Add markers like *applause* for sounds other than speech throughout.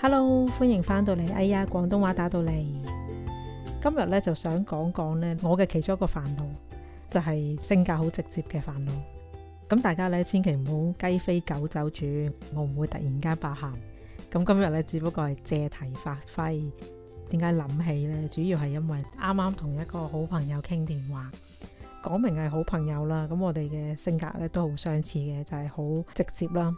Hello，歡迎返到嚟。哎呀，廣東話打到嚟。今日咧，就想講講咧，我嘅其中一個煩惱，就係性格好直接嘅煩惱。咁大家咧千祈唔好雞飛狗走住，我唔會突然間爆喊。咁今日咧只不過係借題發揮。點解諗起咧？主要係因為啱啱同一個好朋友傾電話，講明係好朋友啦。咁我哋嘅性格咧都好相似嘅，就係好直接啦。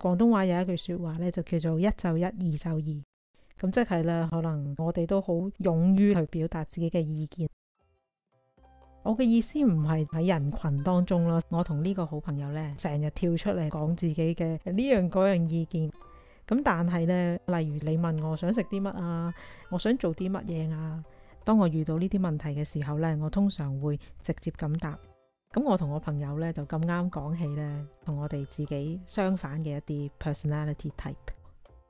廣東話有一句説話呢，就叫做一就一，二就二，咁即係呢，可能我哋都好勇於去表達自己嘅意見。我嘅意思唔係喺人群當中咯。我同呢個好朋友呢，成日跳出嚟講自己嘅呢、這個、樣嗰樣意見。咁但係呢，例如你問我想食啲乜啊，我想做啲乜嘢啊，當我遇到呢啲問題嘅時候呢，我通常會直接咁答。咁我同我朋友咧就咁啱講起咧，同我哋自己相反嘅一啲 personality type，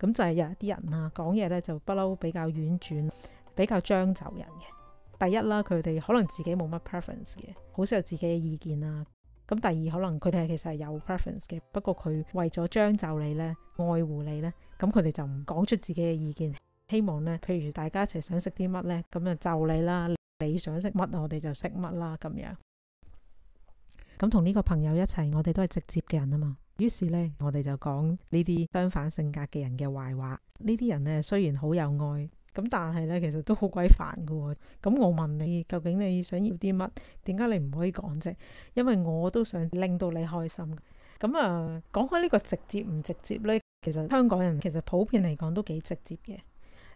咁就係有一啲人啦，講嘢咧就不嬲比較婉轉，比較將就人嘅。第一啦，佢哋可能自己冇乜 preference 嘅，好少有自己嘅意見啦。咁第二，可能佢哋其實係有 preference 嘅，不過佢為咗將就你咧，愛護你咧，咁佢哋就唔講出自己嘅意見，希望咧，譬如大家一齊想食啲乜咧，咁就就你啦，你想食乜我哋就食乜啦咁樣。咁同呢個朋友一齊，我哋都係直接嘅人啊嘛。於是呢，我哋就講呢啲相反性格嘅人嘅壞話。呢啲人呢，雖然好有愛，咁但係呢，其實都好鬼煩㗎喎。咁我問你，究竟你想要啲乜？點解你唔可以講啫？因為我都想令到你開心。咁啊，講開呢個直接唔直接呢？其實香港人其實普遍嚟講都幾直接嘅。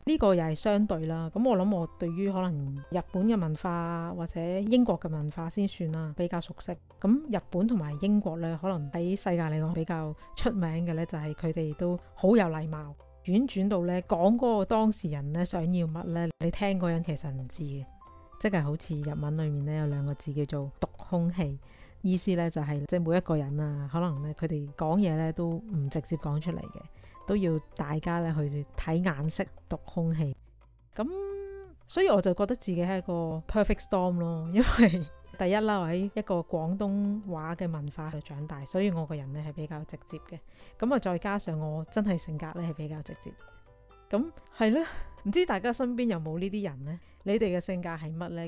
呢個又係相對啦，咁我諗我對於可能日本嘅文化或者英國嘅文化先算啦，比較熟悉。咁日本同埋英國呢，可能喺世界嚟講比較出名嘅，呢就係佢哋都好有禮貌，婉轉到呢，講嗰個當事人呢想要乜呢？你聽嗰人其實唔知嘅，即係好似日文裏面呢，有兩個字叫做讀空氣，意思呢就係即係每一個人啊，可能呢，佢哋講嘢呢都唔直接講出嚟嘅。都要大家咧去睇眼色讀空氣，咁所以我就覺得自己係一個 perfect storm 咯。因為第一啦，我喺一個廣東話嘅文化度長大，所以我個人咧係比較直接嘅。咁啊，再加上我真係性格咧係比較直接。咁係啦，唔知大家身邊有冇呢啲人呢？你哋嘅性格係乜呢？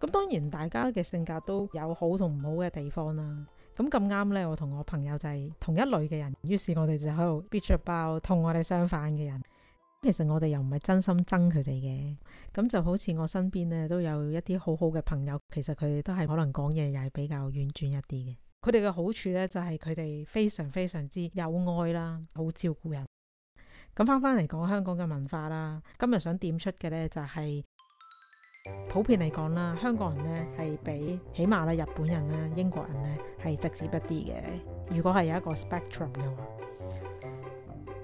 咁當然大家嘅性格都有好同唔好嘅地方啦。咁咁啱呢，我同我朋友就係同一類嘅人，於是我哋就喺度憋著包同我哋相反嘅人。其實我哋又唔係真心憎佢哋嘅，咁就好似我身邊呢，都有一啲好好嘅朋友，其實佢哋都係可能講嘢又係比較婉轉一啲嘅。佢哋嘅好處呢，就係佢哋非常非常之有愛啦，好照顧人。咁翻翻嚟講香港嘅文化啦，今日想點出嘅呢、就是，就係。普遍嚟講啦，香港人呢係比起碼啦，日本人咧、英國人呢係直接一啲嘅。如果係有一個 spectrum 嘅話，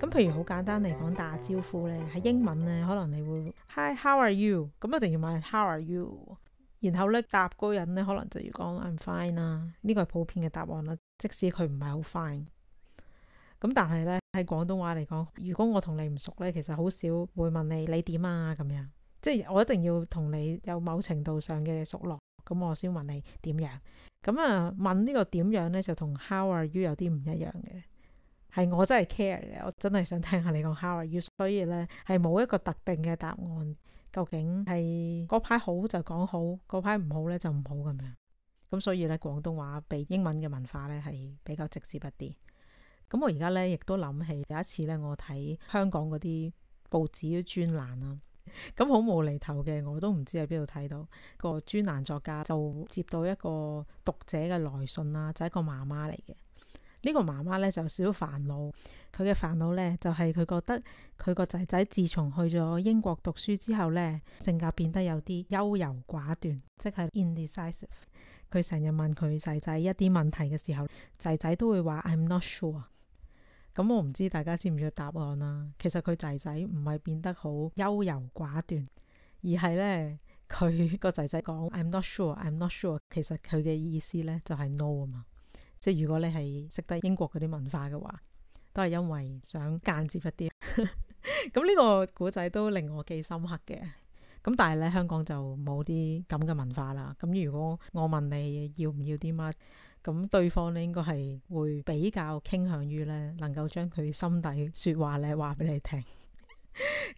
咁譬如好簡單嚟講，打招呼呢喺英文呢，可能你會 Hi，How are you？咁一定要問 How are you？然後呢答嗰人呢，可能就要講 I'm fine 啦，呢個係普遍嘅答案啦。即使佢唔係好 fine，咁但係呢，喺廣東話嚟講，如果我同你唔熟呢，其實好少會問你你點啊咁樣。即係我一定要同你有某程度上嘅熟絡，咁我先問你點樣。咁啊，問呢個點樣呢？就同 how are you 有啲唔一樣嘅。係我真係 care 嘅，我真係想聽下你講 how are you。所以呢，係冇一個特定嘅答案。究竟係嗰排好就講好，嗰排唔好呢就唔好咁樣。咁所以呢，廣東話比英文嘅文化呢係比較直接一啲。咁我而家呢，亦都諗起有一次呢，我睇香港嗰啲報紙專欄啊。咁好、嗯、無厘頭嘅，我都唔知喺邊度睇到、那個專欄作家就接到一個讀者嘅來信啦，就係、是、一個媽媽嚟嘅。呢、這個媽媽呢，就少少煩惱，佢嘅煩惱呢，就係、是、佢覺得佢個仔仔自從去咗英國讀書之後呢，性格變得有啲優柔寡斷，即係 indecisive。佢成日問佢仔仔一啲問題嘅時候，仔仔都會話 I'm not sure。咁我唔知大家知唔知答案啦。其實佢仔仔唔係變得好優柔寡斷，而係呢，佢個仔仔講 I'm not sure, I'm not sure。其實佢嘅意思呢，就係 no 啊嘛。即係如果你係識得英國嗰啲文化嘅話，都係因為想間接一啲。咁 *laughs* 呢個古仔都令我幾深刻嘅。咁但係呢，香港就冇啲咁嘅文化啦。咁如果我問你要唔要啲乜？咁對方咧應該係會比較傾向於咧，能夠將佢心底説話咧話俾你聽。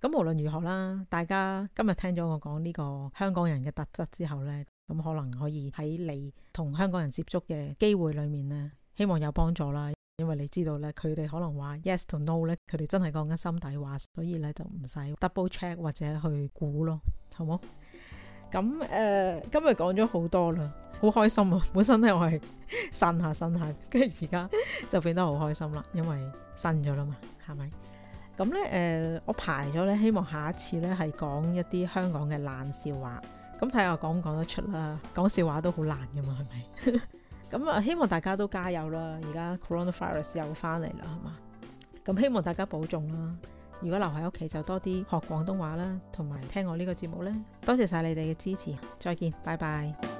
咁 *laughs* 無論如何啦，大家今日聽咗我講呢個香港人嘅特質之後呢，咁可能可以喺你同香港人接觸嘅機會裡面呢，希望有幫助啦。因為你知道咧，佢哋可能話 yes to no 咧，佢哋真係講緊心底話，所以咧就唔使 double check 或者去估咯，好冇？咁誒，uh, 今日講咗好多啦。好開心啊！本身咧我係伸下伸下，跟住而家就變得好開心啦，因為伸咗啦嘛，係咪？咁咧誒，我排咗咧，希望下一次咧係講一啲香港嘅爛笑話，咁睇下我講唔講得出啦。講笑話都好難噶嘛，係咪？咁 *laughs* 啊，希望大家都加油啦！而家 coronavirus 又翻嚟啦，係嘛？咁希望大家保重啦。如果留喺屋企，就多啲學廣東話啦，同埋聽我呢個節目咧。多謝晒你哋嘅支持，再見，拜拜。